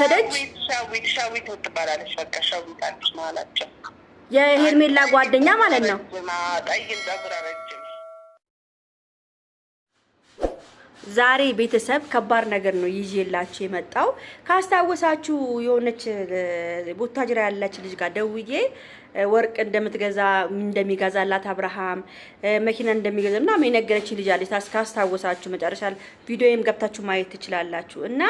ወሰደች። ሻዊት ሻዊት ትባላለች። በቃ ሻዊት አለች መሀላቸው የሄርሜላ ጓደኛ ማለት ነው። ዛሬ ቤተሰብ ከባድ ነገር ነው ይዤላችሁ የመጣው። ካስታወሳችሁ የሆነች ቦታጅራ ያላች ልጅ ጋር ደውዬ ወርቅ እንደምትገዛ እንደሚገዛላት አብርሃም መኪና እንደሚገዛ ምናምን የነገረችኝ ልጅ አለች። ካስታወሳችሁ መጨረሻ ቪዲዮዬም ገብታችሁ ማየት ትችላላችሁ እና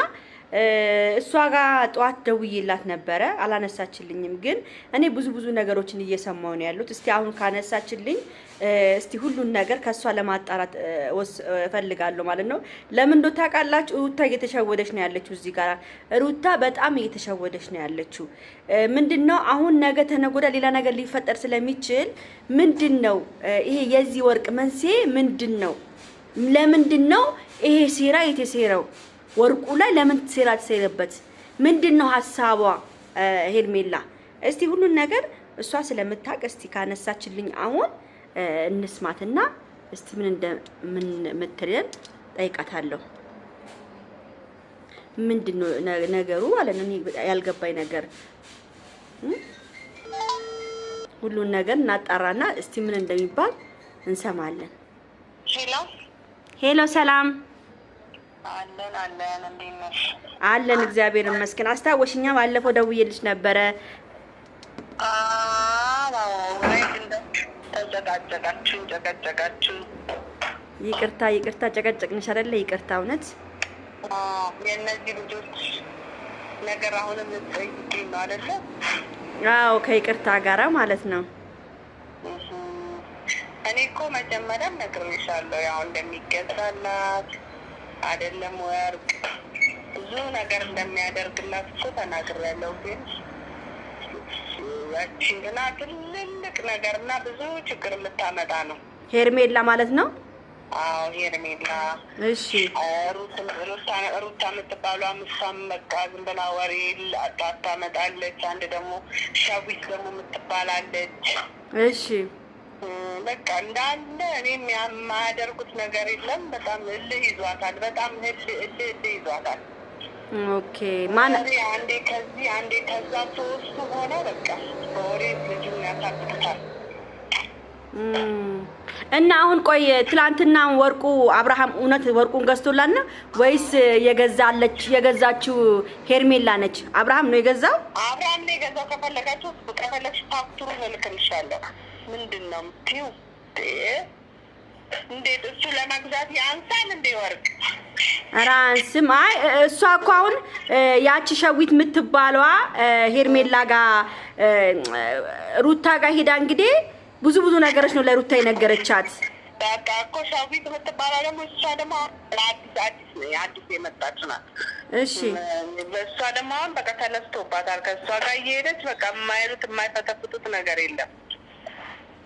እሷ ጋር ጠዋት ደውዬላት ነበረ፣ አላነሳችልኝም። ግን እኔ ብዙ ብዙ ነገሮችን እየሰማሁ ነው ያሉት። እስቲ አሁን ካነሳችልኝ እስቲ ሁሉን ነገር ከእሷ ለማጣራት እፈልጋለሁ ማለት ነው። ለምን እንደው ታውቃላችሁ፣ ሩታ እየተሸወደች ነው ያለችው። እዚህ ጋር ሩታ በጣም እየተሸወደች ነው ያለችው። ምንድን ነው አሁን ነገ ተነጎዳ ሌላ ነገር ሊፈጠር ስለሚችል ምንድን ነው ይሄ የዚህ ወርቅ መንስኤ ምንድን ነው? ለምንድን ነው ይሄ ሴራ የተሴረው? ወርቁ ላይ ለምን ሴራ ተሰረበት? ምንድን ነው ሀሳቧ ሄርሜላ? እስቲ ሁሉን ነገር እሷ ስለምታውቅ እስቲ ካነሳችልኝ አሁን እንስማትና እስቲ ምን እንደምትለን ጠይቃታለሁ። ምንድን ነው ነገሩ ማለት ያልገባኝ ነገር ሁሉን ነገር እናጣራና እስቲ ምን እንደሚባል እንሰማለን። ሄሎ ሄሎ፣ ሰላም አለን እግዚአብሔር ይመስገን። አስታወሽኛ? ባለፈው ደውዬልሽ ነበረ። ይቅርታ ይቅርታ፣ ጨቀጨቅንሽ አይደለ? ይቅርታ። እውነት የእነዚህ ልጆች ነገር አሁንም ልትጠይቂ ነው አይደለ? አዎ፣ ከይቅርታ ጋራ ማለት ነው። እኔ እኮ መጀመሪያም ነግሬሻለሁ ያው እንደሚገዛላት አይደለም ወርቅ ብዙ ነገር እንደሚያደርግላት እኮ ተናግሬያለሁ። ግን ያቺ ግና ትልልቅ ነገርና ብዙ ችግር የምታመጣ ነው። ሄርሜላ ማለት ነው። አዎ ሄርሜላ። እሺ ሩታ የምትባሏ ምሳም በቃ ዝም ብላ ወሬ መጣለች አንድ ደግሞ ሻዊት ደግሞ የምትባላለች። እሺ በቃ እንዳለ እኔ የማያደርጉት ነገር የለም። በጣም እልህ ይዟታል። በጣም እልህ እልህ ይዟታል። ኦኬ ማን አንዴ ከዚህ አንዴ ከዛ ሶስቱ ሆነ። በቃ በወሬ ልጁን ያሳብቅታል። እና አሁን ቆይ ትላንትና ወርቁ አብርሃም እውነት ወርቁን ገዝቶላና ወይስ የገዛለች የገዛችው ሄርሜላ ነች? አብርሃም ነው የገዛው። አብርሃም ነው የገዛው። ከፈለጋችሁ ከፈለግሽ ፋክቱሩን እልክልሻለሁ። ምንድን ነው የምትይው? እንዴት እሱ ለመግዛት ያንሳል እንዴ ወርቅ? ኧረ አይ እሷ እኮ አሁን ያቺ ሸዊት የምትባለዋ ሄርሜላ ጋ ሩታ ጋር ሄዳ እንግዲህ ብዙ ብዙ ነገሮች ነው ለሩታ የነገረቻት። በቃ እኮ ሻዊት የምትባላ ደግሞ እሷ እሺ እሷ ደግሞ አሁን በቃ ተነስቶባታል። ከእሷ ጋር እየሄደች በቃ የማይሉት የማይፈተፍቱት ነገር የለም።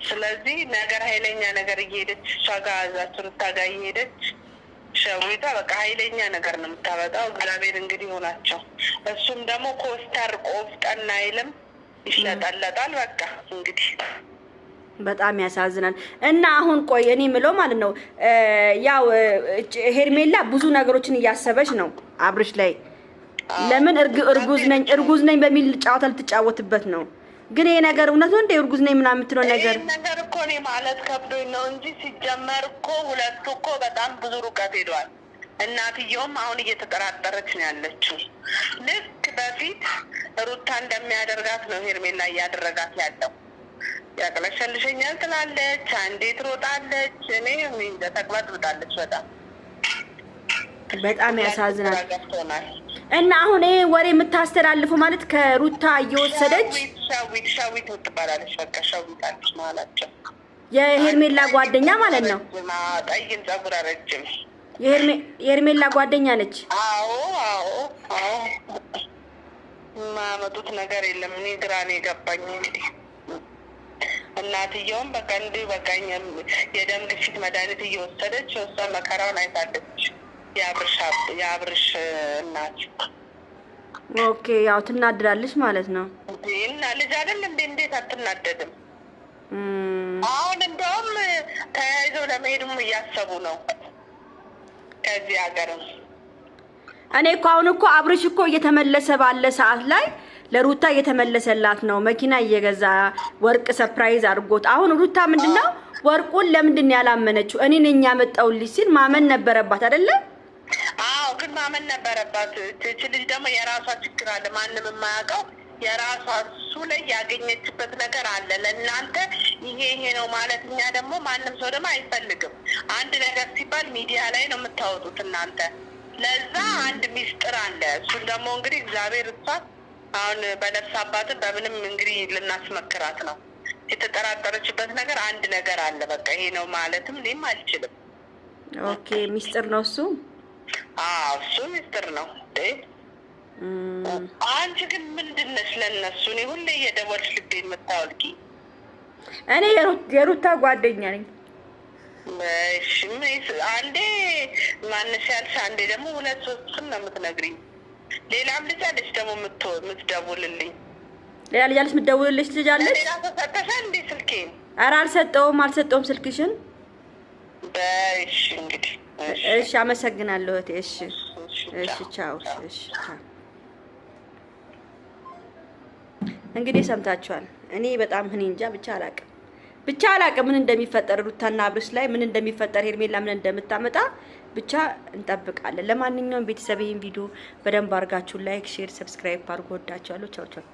ስለዚህ ነገር ኃይለኛ ነገር እየሄደች እሷ ጋር እዛች ሩታ ጋር እየሄደች ሸዊቷ በቃ ኃይለኛ ነገር ነው የምታበጣው። እግዚአብሔር እንግዲህ ሆናቸው። እሱም ደግሞ ኮስተር ቆፍጠን አይልም፣ ይሽለጠለጣል። በቃ እንግዲህ በጣም ያሳዝናል። እና አሁን ቆይ እኔ ምለው ማለት ነው ያው ሄርሜላ ብዙ ነገሮችን እያሰበች ነው አብርሽ ላይ ለምን እርጉዝ ነኝ እርጉዝ ነኝ በሚል ጨዋታ ልትጫወትበት ነው። ግን ይሄ ነገር እውነት ነው እንደ እርጉዝ ነኝ ምናምን የምትለው ነገር ነገር እኮ እኔ ማለት ከብዶኝ ነው እንጂ ሲጀመር እኮ ሁለቱ እኮ በጣም ብዙ ሩቀት ሄዷል። እናትየውም አሁን እየተጠራጠረች ነው ያለችው። ልክ በፊት ሩታ እንደሚያደርጋት ነው ሄርሜላ እያደረጋት ያለው ያቅለሸልሸኛል ትላለች፣ አንዴ ትሮጣለች። እኔ ተቅማጥ ብጣለች። በጣም በጣም ያሳዝናል። እና አሁን ይሄ ወሬ የምታስተላልፈው ማለት ከሩታ እየወሰደች ሻዊት ሻዊት ትባላለች። በቃ ሻዊት አለች ማላቸው የሄርሜላ ጓደኛ ማለት ነው። ጠይም ጸጉር አረጅም የሄርሜላ ጓደኛ ነች። አዎ አዎ አዎ። የማመጡት ነገር የለም። እኔ ግራ ነው የገባኝ እንግዲህ እናትየውም በቃ በቀኝ በቃ የደም ግፊት መድኃኒት እየወሰደች ወሰ መከራውን አይታለች። የአብርሽ እናት ኦኬ፣ ያው ትናደዳለች ማለት ነው። እና ልጅ አይደል እንዴ? እንዴት አትናደድም? አሁን እንደውም ተያይዘው ለመሄድም እያሰቡ ነው ከዚህ ሀገርም። እኔ እኮ አሁን እኮ አብርሽ እኮ እየተመለሰ ባለ ሰዓት ላይ ለሩታ እየተመለሰላት ነው። መኪና እየገዛ ወርቅ ሰፕራይዝ አድርጎት። አሁን ሩታ ምንድነው ወርቁን ለምንድን ያላመነችው? እኔን እኛ ያመጣሁልሽ ሲል ማመን ነበረባት አይደለም? አዎ፣ ግን ማመን ነበረባት። እቺ ልጅ ደግሞ የራሷ ችግር አለ፣ ማንም የማያውቀው የራሷ እሱ ላይ ያገኘችበት ነገር አለ። ለእናንተ ይሄ ይሄ ነው ማለት እኛ ደግሞ ማንም ሰው ደግሞ አይፈልግም። አንድ ነገር ሲባል ሚዲያ ላይ ነው የምታወጡት እናንተ። ለዛ አንድ ሚስጥር አለ። እሱን ደግሞ እንግዲህ እግዚአብሔር እሷ አሁን በነፍስ አባትን በምንም እንግዲህ ልናስመክራት ነው። የተጠራጠረችበት ነገር አንድ ነገር አለ። በቃ ይሄ ነው ማለትም እኔም አልችልም። ኦኬ ሚስጥር ነው እሱ። አዎ እሱ ሚስጥር ነው። አንቺ ግን ምንድን ነሽ ለእነሱ? እኔ ሁሌ እየደወልሽ ልቤ የምታወልቂ እኔ የሩታ ጓደኛ ነኝ። አንዴ ማነሽ ያልሽ፣ አንዴ ደግሞ ሁለት ሶስት ነው የምትነግሪኝ ሌላም ልጅ አለች ደግሞ የምትደውልልኝ ሌላ ልጅ አለች የምትደውልልሽ ልጅ አለች። ሌላ ሰጠሻል እንዴ ስልኬን? ኧረ አልሰጠውም አልሰጠውም ስልክሽን። እሺ እንግዲህ እሺ፣ አመሰግናለሁ እህቴ። እሺ እሺ፣ ቻው። እሺ ቻው። እንግዲህ ሰምታችኋል። እኔ በጣም እኔ እንጃ ብቻ አላውቅም ብቻ አላውቅም ምን እንደሚፈጠር ሩታና አብርሽ ላይ ምን እንደሚፈጠር ሄርሜላ ምን እንደምታመጣ ብቻ እንጠብቃለን። ለማንኛውም ቤተሰብ ይህን ቪዲዮ በደንብ አድርጋችሁ ላይክ፣ ሼር፣ ሰብስክራይብ አድርጎ ወዳችኋለሁ። ቻው ቻው